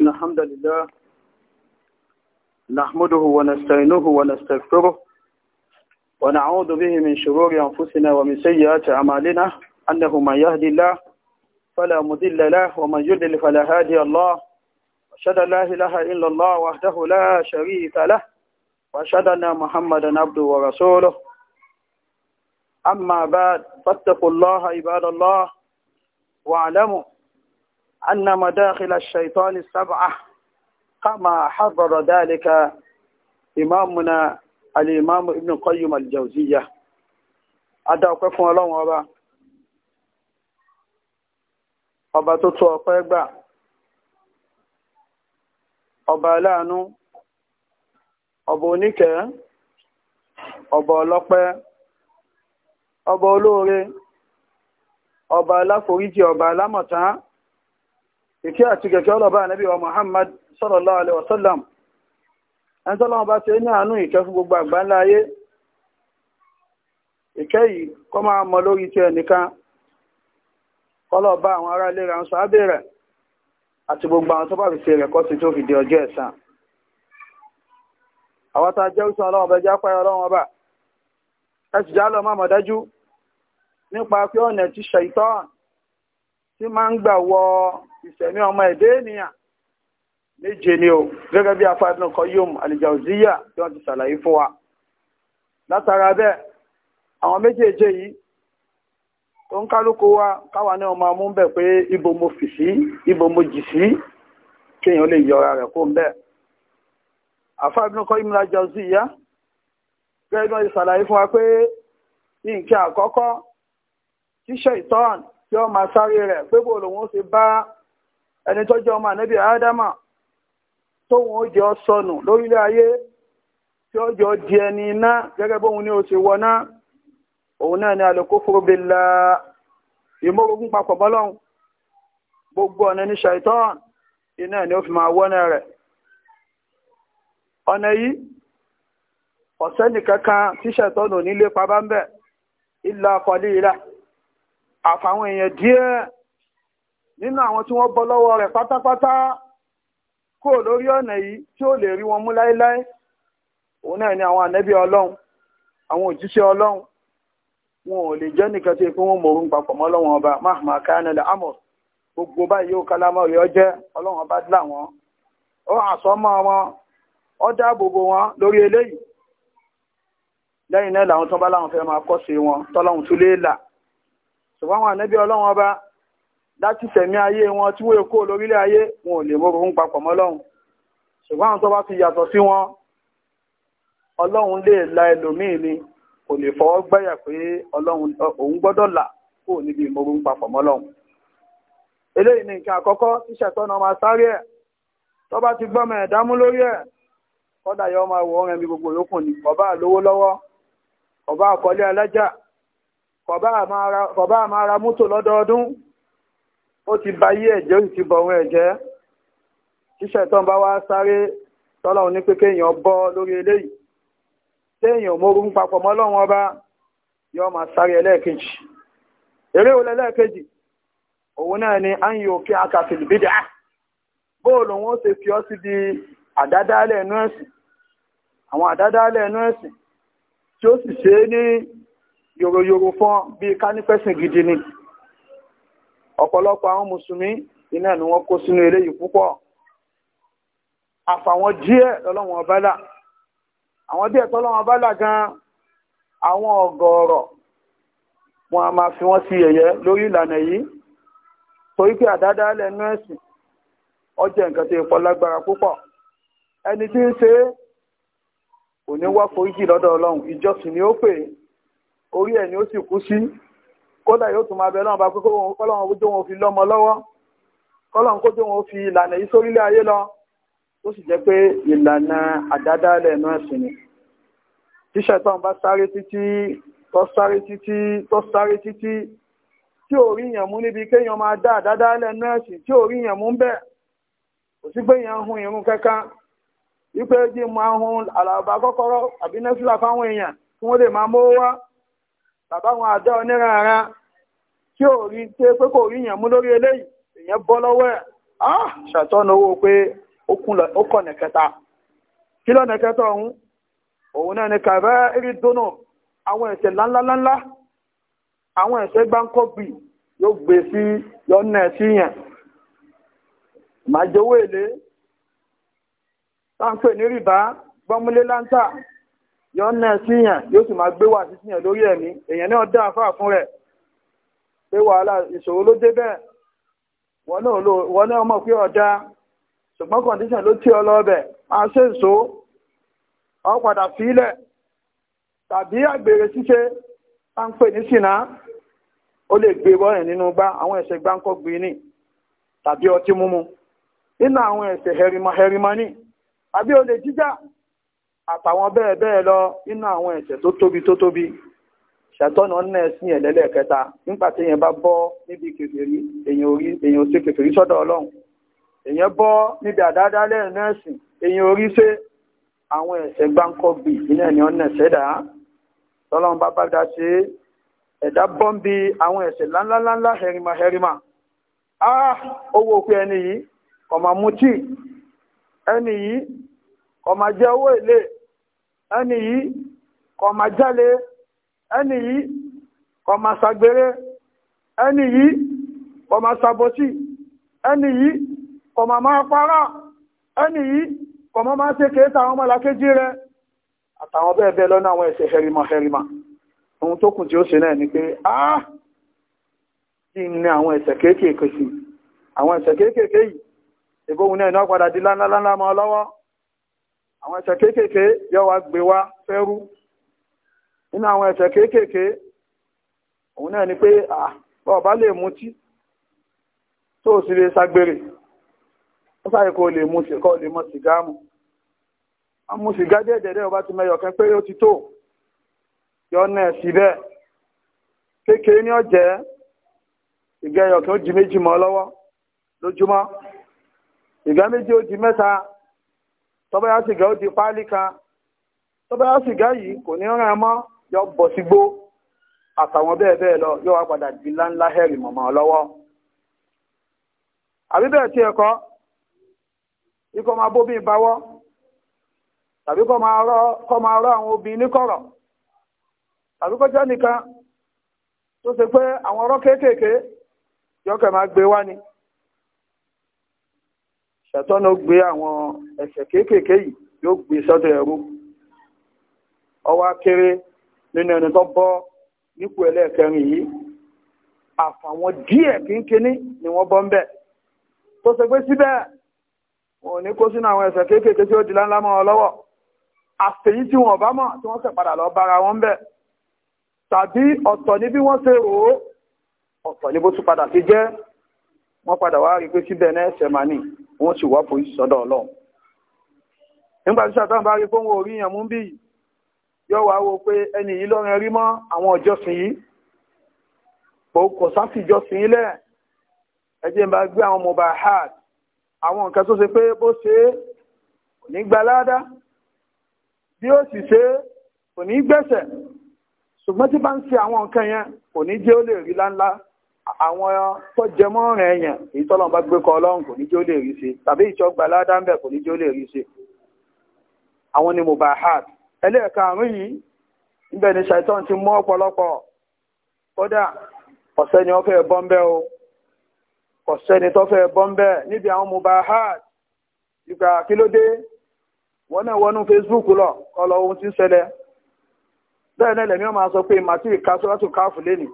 إن الحمد لله نحمده ونستعينه ونستغفره ونعوذ به من شرور أنفسنا ومن سيئات أعمالنا أنه من يهدي الله فلا مضل له ومن يضلل فلا هادي الله أشهد أن لا إله إلا الله وحده لا شريك له وأشهد أن محمدا عبده ورسوله أما بعد فاتقوا الله عباد الله واعلموا أن مداخل الشيطان السبعة كما حضر ذلك إمامنا الإمام ابن القيم الجوزية أدعوكم الله وبا ọba tó tó ọpẹ́ gbà ọba aláàánú ọba oníkẹ́ ọba olóore ọba aláforíjì ọba alámọ̀tán a àti gẹ̀gẹ́ ọlọ́bá ànábì wa Muhammad sallallahu alaihi wasallam ẹni tọ́lọ́wọ́ bá ti ní àánú ìkẹ́ gbogbo àgbà ayé ìkẹ́ lórí ti ẹnìkan kọ́lọ́bá àwọn ará ilé ra àti gbogbo àwọn tó bá fi ṣe ọjọọ sí tó fi di ọjọ́ àwọn nípa pé ọ̀nà tí máa ń gbà wọ ìsẹ̀mí ọmọ ẹ̀dẹ́ ènìyàn méje ni o gẹ́gẹ́ bí afáàdùn Qayyum al-Jawziyya tí wọ́n ti ṣàlàyé fún wa látara bẹ́ẹ̀ àwọn méjèèjì yìí tó ń kálukú wa káwa ní ọmọ amú bẹ̀ pé ibo mo fì sí ibo mo jì sí kéèyàn lè yọra rẹ̀ kó ń bẹ́ẹ̀ afáàdùn Qayyum al-Jawziyya gẹ́gẹ́ bí wọ́n ti ṣàlàyé fún wa pé nǹkan àkọ́kọ́ tíṣẹ́ ìtọ́ràn tí ó máa sáré rẹ̀ pé bó lòun ó ṣe bá ẹni tọ́jú ọmọ ànábì ádámà tóun ó jẹ́ ọ sọnù lórílẹ̀ ayé tí ó jọ di ẹni iná gẹ́gẹ́ bóun ni ó ṣe wọná òun náà ni al-kufru billah ìmọ̀rògùn papọ̀ bọ́lọ́hún gbogbo ọ̀nà ní ṣàìtọ́n iná ni ó fi máa wọ́nà rẹ̀ ọ̀nà yìí ọ̀sẹ́ nìkankan tí ṣàìtọ́n ò ní lépa bá ń bẹ̀ illa qalila àfàwọn èèyàn díẹ̀ nínú àwọn tí wọ́n bọ́ lọ́wọ́ rẹ̀ pátápátá kò lórí ọ̀nà yìí tí ó lè rí wọn mú láéláé òun náà ni àwọn ànẹ́bí ọlọ́run àwọn òjíṣẹ́ ọlọ́run wọn ò lè jẹ́ nìkan tí pé wọ́n mọ̀rún papọ̀ mọ́ lọ́wọ́n ọba mahama kanilẹ̀ gbogbo báyìí yóò kálámọ̀ rí ọjẹ́ ọlọ́run ọba dìlà wọn ó àsọmọ́ wọn ó dáàbòbò wọn lórí eléyìí lẹ́yìn náà làwọn tó bá láwọn ṣùgbọ́n àwọn ànábì ọlọ́run ọba láti sẹ̀mí ayé wọn tí wọ́n kó lórílẹ̀ ayé wọn ò lè mọ́ orun papọ̀ mọ́ ọlọ́run ṣùgbọ́n àwọn tó bá ti yàtọ̀ sí wọn ọlọ́run lè la ẹlòmíì ni kò lè fọwọ́ gbáyà pé ọlọ́run òun gbọ́dọ̀ là kó níbi ìmọ̀ orun papọ̀ mọ́ ọlọ́run eléyìí ni nǹkan àkọ́kọ́ tí ṣẹ̀tọ́nà máa sáré ẹ̀ tó bá ti gbọ́mọ ẹ̀dámú lórí ẹ̀ kọ́dà yọ máa wọ̀ ọ́rẹ́ gbogbo yòókù ni ọba àlówó lọ́wọ́ ọba àkọlé alájà kọ̀bá àmà ara mọ́tò lọ́dọọdún ó ti ba yí ẹ̀jẹ̀ ó ti bọ̀rún ẹ̀jẹ̀ ṣíṣẹ̀ tán bá wá sáré tọ́lá òní pé kéèyàn bọ́ lórí eléyìí téèyàn mórún papọ̀ mọ́ lọ́wọ́n ọba yóò máa sáré ẹlẹ́ẹ̀kejì eré olè lẹ́ẹ̀kejì òun náà ni a ń yóò kí akàfìlì bídà bóòlù wọn ó ṣe fi ọ́ sí di àdádálẹ̀ ẹnu ẹ̀sìn àwọn àdádálẹ̀ ẹnu ẹ̀sìn tí ó sì ṣe ní yòròyòrò fún bí kánífẹ́sìn gidi ni ọ̀pọ̀lọpọ̀ àwọn mùsùlùmí iná ni wọ́n kó sínú eléyìí púpọ̀ àfàwọn díẹ̀ lọ́lọ́wọ́n bálà àwọn díẹ̀ tọ́lọ́wọ́n bálà gan àwọn ọ̀gọ̀ọ̀rọ̀ wọn a máa fi wọ́n sí yẹ̀yẹ́ lórí ìlànà yìí torí pé àdádálẹ̀ inú ẹ̀sìn ó jẹ́ nǹkan tó pọ̀ lágbára púpọ̀ ẹni tí ń ṣe kò ní wá foríjì lọ́dọ̀ ọlọ́run ìjọsìn ni ó pè é orí ẹ̀ ni ó sì kú sí kódà yóò tún máa bẹ lọ́wọ́ bá pé kọ́lọ́run kójó wọn fi lọ́mọ lọ́wọ́ kọ́lọ́run kójó wọn fi ìlànà yìí sórílẹ̀ ayé lọ tó sì jẹ́ pé ìlànà àdádálẹ̀ náà sì ni tíṣẹ̀ tó ń bá sáré títí tó sáré títí tó sáré títí tí ò rí yàn mú níbi kéèyàn máa dá àdádálẹ̀ náà sì tí ò rí yàn mú bẹ́ẹ̀ kò sí pé yàn ń hun irun kankan wípé jí máa hun àlàbà kọ́kọ́rọ́ àbí nẹ́fìlà fáwọn èèyàn kí wọ́n lè máa mówó wá bàbá wọn àdá oníranran tí ò rí tí pé kò rí yàn mú lórí eléyìí èèyàn bọ́ lọ́wọ́ ẹ̀ á owó pé ó kọ kẹta kí lọ́nà kẹta ọ̀hún òun náà ni kàbẹ́ eré àwọn ẹ̀ṣẹ̀ ńláńláńlá àwọn yóò gbé sí yẹn yọ náà síyàn yóò sì máa gbé wà síyàn lórí ẹ̀mí èèyàn náà dá àfáà fún rẹ pé wàhálà ìṣòro ló dé bẹ́ẹ̀ wọ́n náà mọ̀ pé ọ̀dá ṣùgbọ́n kọ̀ndíṣàn ló tí ọ lọ́ọ̀bẹ̀ máa ṣe èso ọ padà fílẹ̀ tàbí àgbèrè ṣíṣe tá ń pè ní ṣìnà ó lè gbé bọ́ọ̀rìn nínú gbá àwọn ẹ̀ṣẹ̀ gbin ní tàbí ọtí múmu nínú àwọn ní tàbí olè jíjà àtàwọn bẹ́ẹ̀ bẹ́ẹ̀ lọ nínú àwọn ẹ̀ṣẹ̀ tó tóbi tó tóbi ṣàtọ́nà ọ̀nà ẹ̀sìn ẹ̀lẹ́lẹ̀ kẹta nígbà tí èèyàn bá bọ́ níbi kèfèrí èèyàn orí èèyàn ṣe kèfèrí sọ́dọ̀ ọlọ́run èèyàn bọ́ níbi àdáadá lẹ́ẹ̀nà ẹ̀sìn èèyàn orí ṣe àwọn ẹ̀ṣẹ̀ gbáǹkọ́ bì nílẹ̀ ní ọ̀nà ẹ̀ṣẹ̀dá tọ́lọ́run bá bá dá ṣe ẹ̀dá bọ́ ń bi àwọn ẹ̀ṣẹ̀ láńláńlá hẹrìmà hẹrìmà á owó òkú ẹni yìí kò mutí ẹni yìí kò máa owó èlé ẹni yìí kọ ma jalè ẹni yìí kọ ma ṣàgbèrè ẹni yìí kọ ma ṣàbòsí ẹni yìí ẹni yìí kọ ma máa ṣe kéèta àwọn ọmọlàkejì rẹ̀ àtàwọn àwọn ohun tó kù tí ó ṣe náà ni ah kí ni àwọn ẹsẹ kéékèèké sí àwọn ẹsẹ kéékèèké yìí ìgbóhun náà di àwọn ẹ̀sẹ̀ kéékèèké yọ wá gbé wá fẹ́rú nínú àwọn ẹ̀sẹ̀ kéékèèké òun náà ni pé ọba lè mutí tó sì lè ṣagbèrè ó sáré kó lè mu kó lè mọ sìgá mu a mu sìgá dẹ́ẹ̀dẹ́dẹ́ ọba ti mẹ́yọ̀ kan pé ó ti tó yọ náà sí bẹ́ẹ̀ kékeré ní ọ̀jẹ́ ìgẹ́yọ̀ kan ó di méjì mọ́ lọ́wọ́ lójúmọ́ ìgá méjì ó di mẹ́ta ya ti sìgá ó di páálí kan ya yá sìgá yìí kò ní rán mọ́ yọ bọ̀ sí gbó àtàwọn bẹ́ẹ̀ bẹ́ẹ̀ lọ yóò wá padà di ńláńlá hẹ́rì mọ̀mọ́ lọ́wọ́ àbí bẹ́ẹ̀ tí ẹ̀kọ́ ikọ̀ máa bóbí báwọ́ tàbí kọ́ máa rọ́ àwọn obìnrin níkọ̀rọ̀ tàbí kọjá nìkan tó ṣe pé àwọn ọ̀rọ̀ kéékèèké máa ni. ṣẹ̀tọ́nà gbé àwọn ẹ̀ṣẹ̀ kéékèèké yìí yóò gbé sọ́dọ̀ ẹ̀rú ọwá kéré nínú ẹni tó bọ́ nípò ẹlẹ́ẹ̀kẹrin yìí àfàwọn díẹ̀ kínkínní ni wọ́n bọ́ ń bẹ̀ tó ṣe pé síbẹ̀ wọn ò ní kó sínú àwọn ẹ̀ṣẹ̀ kéékèèké tí ó di láńlá mọ́ ọ lọ́wọ́ àfẹ̀yí tí wọn bá mọ̀ tí wọ́n sì padà lọ bára wọn bẹ̀ tàbí ọ̀tọ̀ ní bí wọ́n ṣe rò ó ọ̀tọ̀ ní bó tún padà ti jẹ́ wọ́n padà wá rí pé síbẹ̀ náà ẹ̀ṣẹ̀ mà ní wọ́n sì wá forí sọ́dọ̀ ọlọ́run nígbà tí sàtàn bá rí fóun orí yàn mú bí yọ wá wo pé ẹni yìí lọ́rin rí mọ́ àwọn ọjọ́sìn yìí kò kò sáfìjọsìn yìí lẹ̀ ẹjẹ́ ń bá gbé àwọn mobile heart àwọn nǹkan tó ṣe pé bó ṣe é kò ní gba ládá bí ó sì ṣe é kò ní gbẹ̀sẹ̀ ṣùgbọ́n tí bá ń ṣe àwọn nǹkan yẹn kò ní jẹ́ ó lè rí láńlá àwọn tó jẹmọ́ rẹ̀ èèyàn èyí tọ́lọ́n bá gbé kọ ọlọ́run kò ní jẹ́ ó lè rí ṣe tàbí ìṣọ́gbà ládàmbẹ̀ kò ní jẹ́ ó lè rí ṣe àwọn ni mubahat ẹlẹ́ẹ̀ka àrùn yìí níbẹ̀ ni ṣàìtàn ti mú ọ̀pọ̀lọpọ̀ kódà ọ̀sẹ́ ni wọ́n fẹ́ o ọ̀sẹ́ ni tó fẹ́ bọ́m̀bẹ́ níbi àwọn mubahat ìgbà kí ló dé wọ́n náà wọnú Facebook lọ kọ́ lọ ohun tí ń ṣẹlẹ̀ bẹ́ẹ̀ náà lẹ́mí ọmọ sọ pé màtí ìkásọ́látù káàfù lénìí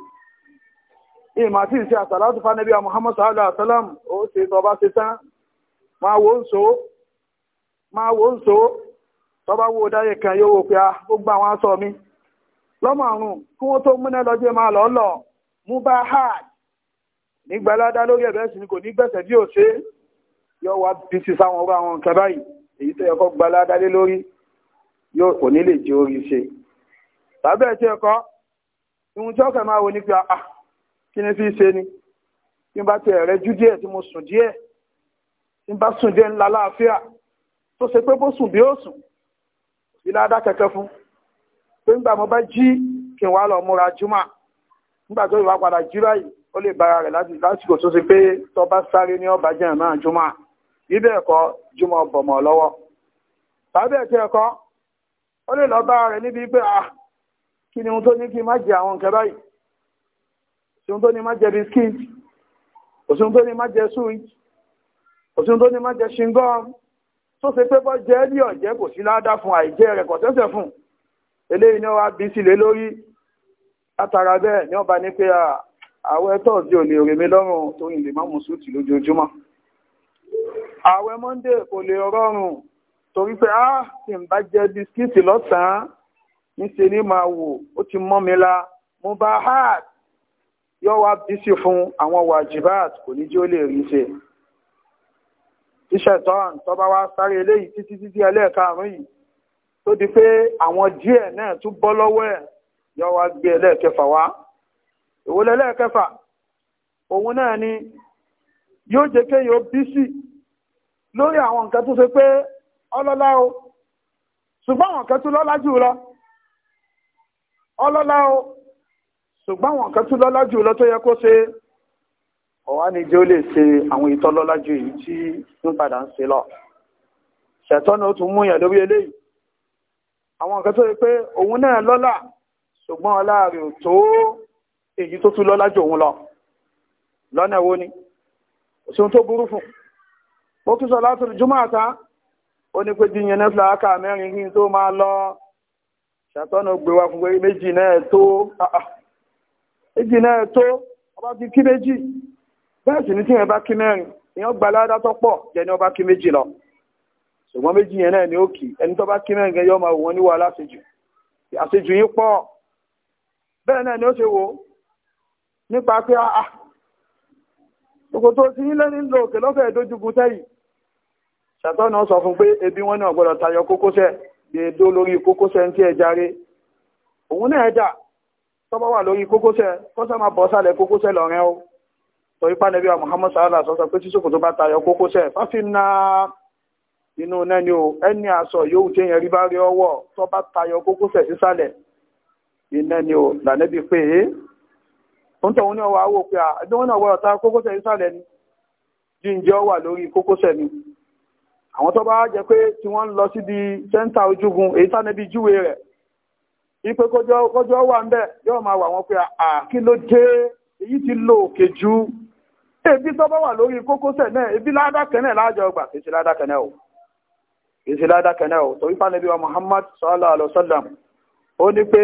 ìmọ̀ àti ìṣe àsàlátù fánẹ́bí Muhammad sallallahu alaihi wasallam ó ṣe tọba ṣe tán máa wo ń so máa wo ń so tọba wo ah, mi lọ́mọ àrùn kí wọ́n tó múná lọ́jọ́ máa lọ́ ni kò ní gbẹ̀sẹ̀ bí ò ṣe yóò wá bí sí sáwọn ọba àwọn nǹkan báyìí èyí tó yẹ kó gba ládá lé lórí yóò kò ní lè orí ṣe tàbí ẹ̀ tí ẹ̀kọ́ ìhun tí máa wo ní pé a ah, kí ni fi ṣe ni tí n bá ti ẹ̀rẹ́ jú díẹ̀ tí mo sùn díẹ̀ tí n bá sùn díẹ̀ ńlá láàfíà tó ṣe pé bó sùn bí ó sùn sí ládá kẹkẹ fún pé nígbà mo bá jí kí n wá lọ múra júmà nígbà tó ìwà padà jí báyìí ó lè bára rẹ̀ láti lásìkò tó ṣe pé tó bá sáré ní ọba jẹ́ náà júmà ibẹ̀ ẹ̀kọ́ júmọ̀ bọ̀mọ̀ lọ́wọ́ tàbí ẹ̀tẹ́ ẹ̀kọ́ ó lè lọ bára rẹ̀ níbi pé ah kí ni ohun tó ní kí n má jẹ àwọn nǹkan báyìí òsùn tó ní má jẹ biskit òsùn tó ní má jẹ sweet òsùn tó ní má jẹ shingom tó ṣe pé bọ́ jẹ́ ní ọ̀jẹ́ kò sí ládá fún àìjẹ́ rẹ̀ kò tẹ́sẹ̀ fún eléyìí ni wọ́n bí sílé lórí látara bẹ́ẹ̀ ni wọ́n bá ní pé àwẹ̀ tọ́ọ̀sì ò lè rè mí lọ́rùn tó yìn lè má mú súùtì lójoojúmọ́ àwẹ̀ monday kò lè rọrùn torí pé á sì ń bá jẹ bisikíìtì lọ́sàn-án níṣẹ́ ni máa wò ó ti mọ́ mi la mo bá heart yóò wá bísí fún àwọn wàjibáàt kò ní jí ó lè rí ṣe iṣẹ́ tọ́n tó bá wá sáré eléyìí títí títí ẹlẹ́ẹ̀karùn-ún yìí tó di pé àwọn díẹ̀ náà tún bọ́ lọ́wọ́ ẹ̀ yóò wá gbé ẹlẹ́ẹ̀kẹfà wá òun lẹ́lẹ́ẹ̀kẹfà òun náà ni yóò jẹ́ kéèyàn bísí lórí àwọn nǹkan tó ṣe pé ọlọ́lá o ṣùgbọ́n àwọn nǹkan tó lọ́lá jù lọ ọlọ́lá o ṣùgbọ́n àwọn kan tún lọ́lá jù lọ tó yẹ kó ṣe ọ̀wá ni jẹ́ ó lè ṣe àwọn ìtọ́lọ́lá jù yìí tí ló padà ń ṣe lọ ṣẹ̀tọ́nà ó tún mú yàn lórí eléyìí àwọn nǹkan tó yẹ pé òun náà lọ́lá ṣùgbọ́n ọlá rẹ̀ ò tó èyí tó tún lọ́lá jù òun lọ lọ́nà wo ni kò sí ohun tó burú fún mo tún sọ láti jùmọ̀ àtá ó ní pé jíyan náà fìlà áká mẹ́rin kí n tó máa lọ ṣẹ̀tọ́nà gbé wa fún pé méjì náà tó ah, ah méjì náà tó ọba fi kí méjì bẹ́ẹ̀ sì ní tíyẹn bá kí mẹ́rin èèyàn gba ládá tó pọ̀ jẹ́ ní ọba kí méjì lọ ṣùgbọ́n méjì yẹn náà ni ó kì ẹni tó bá kí mẹ́rin gẹ́gẹ́ ọmọ òun níwọ̀ aláṣejù àṣejù yín pọ̀ bẹ́ẹ̀ náà ni ó ṣe wò nípa pé àà òkòtò tí yín lẹ́ni lò òkè lọ́fẹ̀ẹ́ dójúgun sẹ́yìn ṣàtọ́nà sọ fún pé ebi wọn náà gbọ́dọ̀ tayọ kókósẹ̀ lè lórí kókósẹ̀ ń tí ẹ járe òun náà dà tọ́bọ̀ wà lórí kókósẹ̀ kọ́sẹ̀ máa bọ́ sálẹ̀ kókósẹ̀ lọ́rẹ́ o sọ ipá nẹ́bí wa Muhammad sallallahu sọ́sọ́ pé sísòkò tó bá tayọ kókósẹ̀ fáfinna inú nẹ́ni o ẹni aṣọ yóò tí èèyàn rí bá rí ọwọ́ tó bá tayọ kókósẹ̀ sísàlẹ̀ iná ni o lànẹ́bí pé é ń tọ̀hún ní ọwọ́ awó pé ẹni wọn náà wọ́ ọ̀tá kókósẹ̀ sísàlẹ̀ ni jíǹjẹ́ wà lórí kókósẹ̀ ni àwọn tó bá jẹ pé tí wọ́n lọ síbi sẹ́ńtà ojúgun èyí sánẹ́bí júwe ipe kọjọ wà ń bẹ yóò máa wà wọn pé àkí ló dé èyí ti lo òkè ju ebi tó bá wà lórí kókósẹ̀ náà ebi ládàkẹ náà láàjọ ọgbà kìí ṣe ládàkẹ o kìí ṣe ládàkẹ o torí fànẹbí wa Muhammad sallallahu alaihi wasallam ó ní pé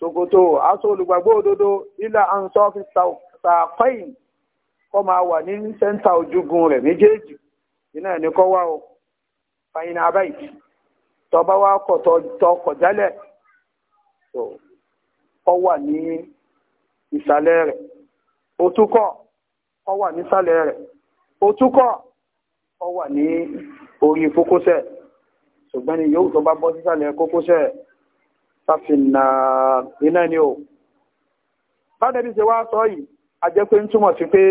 ṣòkòtò aṣọ olùgbàgbọ́ òdodo ilà ansọfi sàkọyìn kọ máa wà ní sẹńtà ojúgun rẹ̀ méjèèjì iná ẹni kọ wá o fàyínà abáyì tó bá wà kọ tó kọjálẹ ọ wà ní ìsàlẹ̀ rẹ̀ òtúkọ̀ ọ wà nísàlẹ̀ rẹ̀ òtúkọ̀ ọ wà ní orí kókósẹ̀ ṣùgbọ́n ni yóò tó bá bọ́ sísàlẹ̀ kókósẹ̀ sáfìnà iná ni o bádẹ́bí ṣe wá sọ yìí a jẹ́ pé ń túmọ̀ sí pé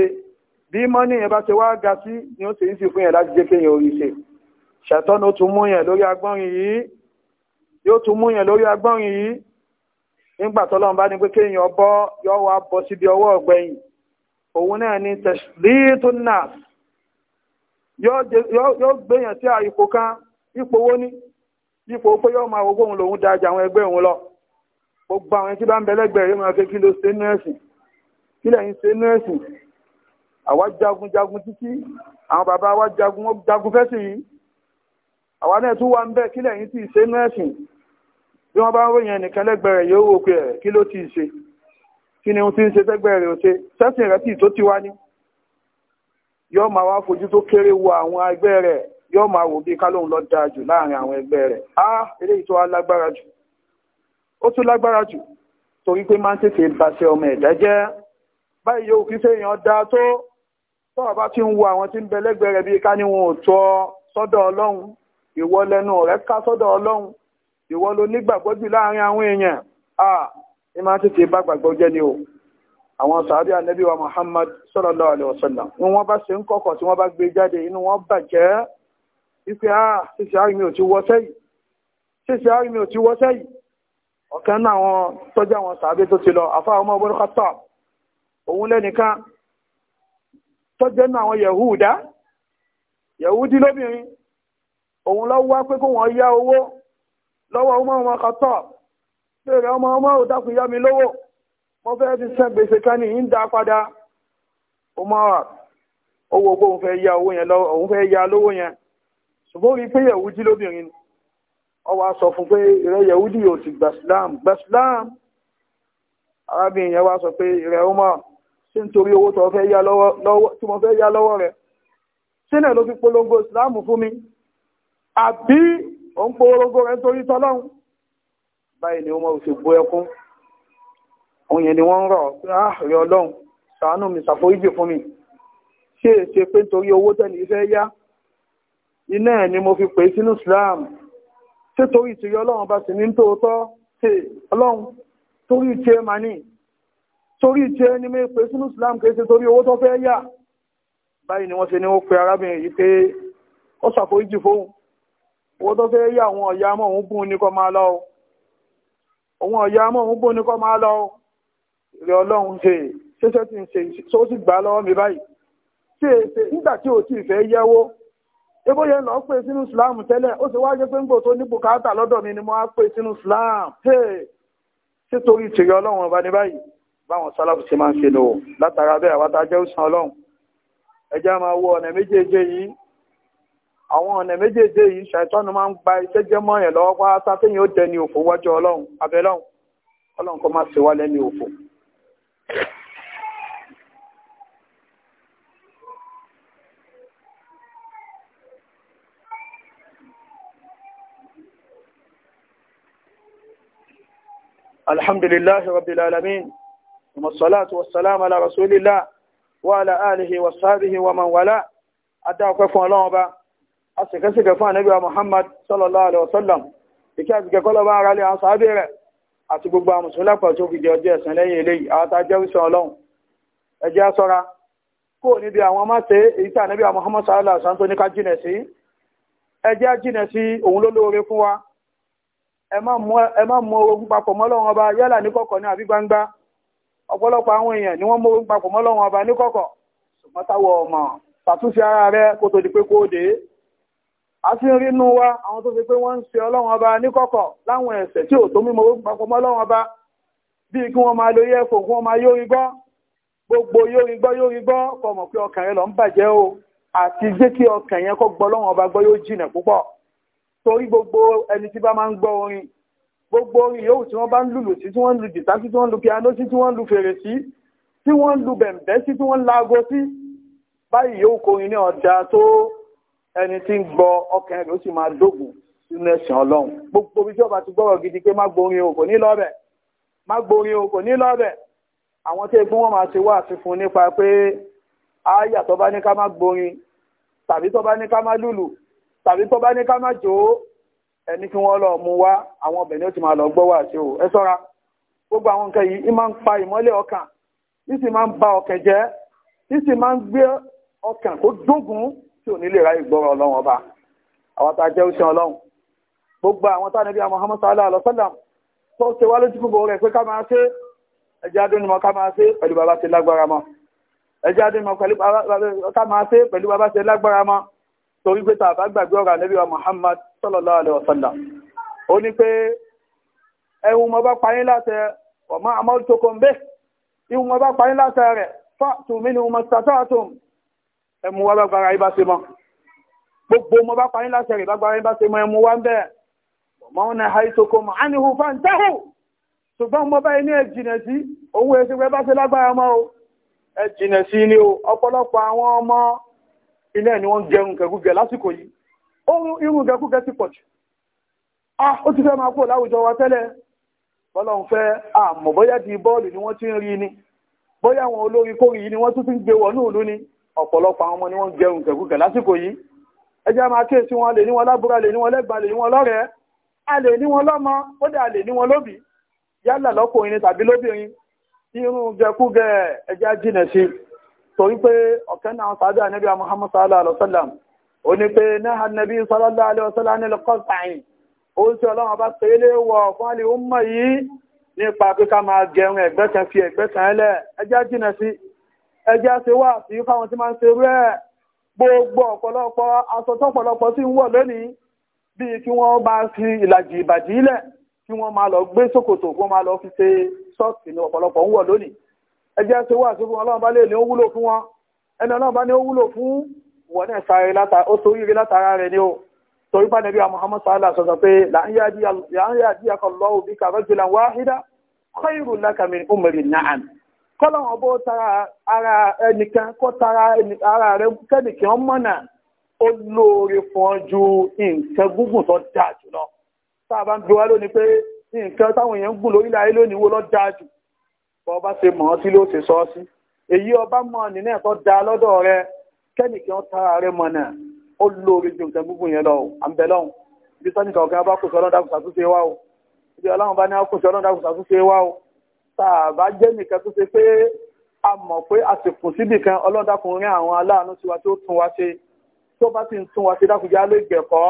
bí mọ́nì yẹn bá ṣe wá ga sí ni ó ṣe ń sì fún yẹn láti jẹ́ kéèyàn orí ṣe ṣẹ̀tọ́nù tún mú yẹn lórí agbọ́nrin yìí yóò tún mú yẹn lórí agbọ́nrin yìí nígbà tọ́lọ́run bá ní pé kéèyàn bọ́ yọ wá bọ́ síbi ọwọ́ ọ̀gbẹ̀yìn òun náà ni tẹ̀sílítún náà yóò gbéyàn sí àyípo kan ipò owó ní ipò pé yóò máa wọ́gbọ́ òun lòun dájà àwọn ẹgbẹ́ òun lọ gbogbo àwọn tí bá ń bẹ yóò máa fi kí ló ṣe nú ẹ̀sìn kí lẹ́yìn ṣe nú ẹ̀sìn àwa jagun jagun títí àwọn bàbá wa jagun jagun fẹ́sìn yìí àwa náà tún wà ń bẹ kí lẹ́yìn tí ṣe nú ẹ̀sìn bí wọ́n bá ń ròyìn ẹnìkan lẹ́gbẹ̀ẹ́ rẹ̀ yóò wò pé ẹ̀ kí ló ti ṣe kí ni ohun tí ń ṣe tẹ́gbẹ̀ẹ́ rẹ̀ ò ṣe sẹ́sìn rẹ̀ sì tó ti wá ní yóò máa wá fojú tó kéré wo àwọn ẹgbẹ́ rẹ̀ yóò máa wò bí kálóhùn lọ dáa jù láàrin àwọn ẹgbẹ́ rẹ̀ á eléyìí tó wá lágbára jù ó tún lágbára jù torí pé máa ń tètè bàṣẹ ọmọ ẹ̀dá jẹ́ báyìí yóò fi séèyàn dáa tó tọ́wọ́ bá ti ń wo àwọn tí ń bẹ lẹ́gbẹ̀ẹ́ rẹ̀ bíi ká ní wọn ò tọ́ sọ́dọ̀ ọlọ́run ìwọ lẹ́nu rẹ̀ ká sọ́dọ̀ ọlọ́run ìwọ ló nígbàgbọ́ jù láàrin àwọn èèyàn à ní máa tètè bá gbàgbọ́ jẹ́ ni o àwọn sàábì ànábì wa Muhammad sallallahu alaihi wasallam ni wọ́n bá ṣe ń kọ́kọ̀ tí wọ́n bá gbé jáde inú wọn bàjẹ́ wípé à ṣíṣe àrùn ò ti wọ sẹ́yìn ṣíṣe àrùn ò ti wọ sẹ́yìn ọ̀kan náà àwọn tọ́jú àwọn sàábì tó ti lọ àfa ọmọ ọgbọ́n kọ́tọ̀ òun lẹ́nìkan tọ́jẹ́ náà àwọn Yahuda Yahudi lóbìnrin òun lọ wá pé kó wọ́n yá owó lọ́wọ́ ọmọ ọmọ kọtọ bẹẹrẹ ọmọ ọmọ ò dákun yá mi lówó mo fẹ́ fi sẹ́ gbèsè kan ní ń dá padà ọmọ owó pé òun fẹ́ ya owó yẹn lọ́wọ́ òun fẹ́ ya lówó yẹn ṣùgbọ́n rí pé yẹ̀wú jí lóbìnrin ọwọ́ sọ fún pé ìrẹ́ yẹ̀wú yóò sì gbà sílám gbà sílám arábìnrin yẹn wá sọ pé ìrẹ́ ọmọ ṣé nítorí owó tí mo fẹ́ ya lọ́wọ́ rẹ̀ sínú ẹ̀ ló fi polongo sílámù fún mi àbí ó ń pòrógó rẹ̀ torí tọ́lọ́run báyìí ni wọ́n fi bú ẹkún òun yẹn ni wọ́n ń rọ̀ pé ààrẹ ah, ọlọ́run ṣàánú mi ṣàforíjì fún mi ṣé è ṣe pé nítorí owó tẹ́lẹ̀ iṣẹ́ yá iná ẹ̀ ni mo fi pè sínú Islam ṣé torí ìtìrí ọlọ́run bá sì ní tòótọ́ ṣe ọlọ́run torí ìtìrí ẹ̀ máa ní torí ìtìrí ẹ̀ ni mo pè sínú Islam kì í ṣe torí owó tó fẹ́ yá báyìí ni wọ́n ṣe ní wọ́n pe arábìnrin yìí pé ó ṣàforíjì fóun owó tó fẹ́ yà àwọn ọ̀yà mọ́ òun bùn ní kọ́ máa lọ òun ọ̀yà mọ́ òun bùn ní kọ́ máa lọ rẹ̀ ọlọ́run ṣe ṣẹ́ṣẹ́ tí ń ṣe tó sì gbà lọ́wọ́ mi báyìí e ṣe èṣe nígbà tí ò tí ì fẹ́ yẹwó ebó yẹn lọ pè sínú Islam tẹ́lẹ̀ ó sì wáyé pé ń gbò tó ní bùkátà lọ́dọ̀ mi ni mo á pè sínú Islam ṣé e, torí ìtìrẹ ọlọ́run ọba ní báyìí báwọn sálàfù ṣe máa ń ṣe lò látara bẹ́ẹ̀ àwọn tá a jẹ́ òṣàn ọlọ́run ẹjẹ́ máa wo ọ̀nà méjèèjì yìí àwọn ọ̀nà méjèèjì yìí ṣàìtọ́nu máa ń gba iṣẹ́ jẹ́ mọ́ lọ́wọ́ pátá téèyàn ó dẹni òfò wájú ọlọ́run abẹ́lọ́run ọlọ́run kó má ṣe wá lẹ́ni òfò. الحمد لله رب العالمين والصلاة والسلام على رسول الله وعلى آله وصحبه ومن والاه أدعوكم الله a ṣẹ̀kẹ́ṣẹ̀kẹ́ fún ànábì wa Muhammad sallallahu alaihi wasallam ìkẹ́ àti kẹ́kọ́ lọ́ba ara lè àwọn sábẹ́ rẹ̀ àti gbogbo àwọn mùsùlùmí lápá tó fi jẹ ọjọ́ ẹ̀sán lẹ́yìn eléyìí àwọn tá a jẹ́ wíṣọ ọlọ́run ẹ jẹ́ á ṣọ́ra kó o níbi àwọn ọmọ ṣe èyí tí ànábì wa Muhammad sallallahu alaihi wasallam tó ní ká jìnà sí ẹ jẹ́ á jìnà sí òun ló lóore fún wa ẹ má mú papọ̀ mọ́lọ́run ọba yálà ní ní àbí ọ̀pọ̀lọpọ̀ àwọn èèyàn ni wọ́n mú orogún papọ̀ mọ́lọ́run ọba ní ṣùgbọ́n táwọ̀ ọmọ ṣàtúnṣe ara rẹ kó tó di pé kó dé a ti ń rínú wa àwọn tó fi pé wọ́n ń ṣe ọlọ́run ọba níkọ̀kọ̀ láwọn ẹ̀ṣẹ̀ tí ò tó mímọ́ ó papọ̀ mọ́ ọlọ́run ọba bíi kí wọ́n máa lo iye ẹ̀fọ́ kí wọ́n máa yóri gbọ́ gbogbo yóri gbọ́ yóri gbọ́ kò mọ̀ pé ọkàn rẹ lọ ń bàjẹ́ o àti jẹ́ kí ọkàn yẹn kó gbọ́ ọlọ́run ọba gbọ́ yóò jìnà púpọ̀ torí gbogbo ẹni tí bá máa ń gbọ́ orin gbogbo orin yòówù tí wọ́n bá ń lùlù sí tí wọ́n ń lu jìtá sí tí wọ́n ń lu piano sí tí wọ́n ń lu fèrè sí tí wọ́n ń lu bẹ̀m̀bẹ́ sí tí wọ́n ń laago sí báyìí yòówù kọrin ní ọ̀dà tó ẹni tí ń gbọ́ ọkàn rẹ̀ ó sì máa dógùn nínú ẹ̀sìn ọlọ́run gbogbo bí jọba ti gbọ́rọ̀ gidi pé má gborin o kò ní lọ́bẹ̀ má gborin o kò ní lọ́bẹ̀ àwọn tí egun wọn máa ṣe wá àfihàn nípa pé ááyà tó bá ní ká má gborin tàbí tó bá ní ká má lùlù tàbí tó bá ní ká má jò ó ẹni kí wọ́n lọ mú wá àwọn ọbẹ̀ ni ó ti máa lọ gbọ́ wá sí o ẹ sọ́ra gbogbo àwọn nǹkan yìí máa ń pa ìmọ́lẹ̀ ọkàn ní sì máa ń ba ọkàn jẹ́ ní sì máa ń gbé ọkàn kó dógùn tí ò nílè ráyè gbọ́rọ̀ ọlọ́run ọba àwọn tá a jẹ́ òṣìṣẹ́ ọlọ́run gbogbo àwọn tá a níbi àwọn Muhammad sallallahu alaihi wasallam tó ṣe wá lójú gbogbo rẹ̀ pé ká máa ṣe ẹjẹ́ adúnimọ̀ ká máa ṣe pẹ̀lú bàbá ṣe lágbára mọ́ ẹjẹ́ adúnimọ̀ ká máa ṣe pẹ̀lú bàbá ṣe lágbára mọ́ torí pé tá a gbàgbé ọ̀rọ̀ níbi wa Muhammad sallallahu alaihi wasallam ó ní pé ẹ̀hùn mọ́ bá parí láṣẹ ọ̀mọ́ àmọ́ tó kọ́ ń bẹ́ ìhùn mọ́ bá parí láṣẹ rẹ̀ fáàtù mí ni ẹmu wá bágbára yín bá ṣe mọ́ gbogbo mo bá parí láṣẹ rẹ̀ bágbára yín bá ṣe mọ́ ẹmu wá ń bẹ́ẹ̀ mọ́ ń na àìsókò mọ́ á ní hu mo bá ní ẹ̀jìnà sí òun èsì rẹ̀ bá ṣe lágbára mọ́ o ẹ̀jìnà sí ni o ọ̀pọ̀lọpọ̀ àwọn ọmọ ilé ni wọ́n gẹrun kẹkúgẹ lásìkò yìí ohun irun gẹkúgẹ ti pọ̀ jù ah ó ti fẹ́ máa kúrò láwùjọ wa tẹ́lẹ̀ bọ́lọ̀ ń fẹ́ àmọ́ bóyá di bọ́ọ̀lù ni wọ́n ti ń rí ni bóyá àwọn olórí kórìí ni wọ́n tún ti ń gbé wọnú ìlú ni ọ̀pọ̀lọpọ̀ àwọn ọmọ ni wọ́n jẹun kẹ̀kúkẹ̀ lásìkò yìí ẹjẹ́ máa kíyèsí wọn lè ní wọn lábúrò lè ní wọn lẹ́gbàá lè ní wọn lọ́rẹ̀ẹ́ a lè ní wọn lọ́mọ ó dà lè ní wọn lóbìí yálà lọ́kùnrin tàbí lóbìnrin irun jẹkúgẹ ẹjẹ́ jìnà sí torí pé ọ̀kẹ́ náà sàbí ànábì Muhammad sallallahu alaihi wasallam ó ní pé náà ànábì sallallahu alaihi wasallam ní lọ́kọ̀ọ̀sàyìn ó ń sọ ọlọ́run bá pé ilé wọ̀ fún àlè ó mọ̀ yìí nípa pé ká máa gẹrun ẹ̀gbẹ́ kan fi ẹ̀gbẹ́ kan ẹlẹ́ ẹjẹ́ jìnà sí ẹjẹ́ ṣe wà sí fáwọn tí máa ń ṣe rẹ̀ gbogbo ọ̀pọ̀lọpọ̀ aṣọ tọ́pọ̀lọpọ̀ sì ń wọ̀ lónìí bíi kí wọ́n bá fi ìlàjì ìbàjì ilẹ̀ kí wọ́n máa lọ gbé ṣòkòtò kí wọ́n máa lọ fi ṣe ṣọ́ọ̀kì ní ọ̀pọ̀lọpọ̀ ń wọ̀ lónìí ẹjẹ́ ṣe wà sí fún ọlọ́run bá lè ní ó wúlò fún wọn ẹni ọlọ́run bá ní ó wúlò kọ́lọ́wọ́n bó tara ara ẹnìkan kó tara ara rẹ kẹ́nìkan mọ̀nà ó lóore fún ọ ju nǹkan gúngùn tó dáa jù lọ tá a bá ń bi wá lónìí pé nǹkan táwọn èèyàn ń gùn lórílẹ̀ ayé lónìí wo ló dáa jù bọ́ ọba ṣe mọ̀ ọ́ sí ló ṣe sọ ọ́ sí èyí ọba mọ̀ nínú ẹ̀kọ́ da lọ́dọ̀ rẹ kẹ́nìkan tara rẹ mọ̀nà ó lóore ju nǹkan gúngùn yẹn lọ àǹbẹ̀lọ́hùn ibi sọ́nìkan ọ̀gá bá kò sí ọlọ́dà kùsà tó ṣe wá o ibi ọlọ́run bá ní kò sí ọlọ́dà kùsà tó wá o tá a bá jẹ́ nìkan tó ṣe pé a mọ̀ pé a sì kù síbì kan ọlọ́dàkùnrin àwọn aláàánú tiwa tí ó tún wa ṣe tó bá sì ń tún wa ṣe dákùnjẹ́ á lè gbẹ̀kọ́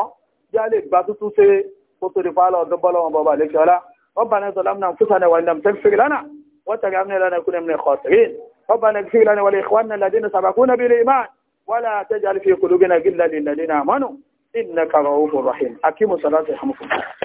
bí a lè gba tuntun ṣe kó tó di pa lọ ọdún bọ́lá wọn bọ̀ bàlẹ́ kí ọlá ربنا ظلمنا انفسنا وان لم تغفر لنا وترحمنا لنكون من الخاسرين ربنا اغفر لنا ولاخواننا الذين سبقونا بالايمان ولا تجعل في قلوبنا غلا للذين امنوا انك رؤوف رحيم اقيموا الصلاه يرحمكم الله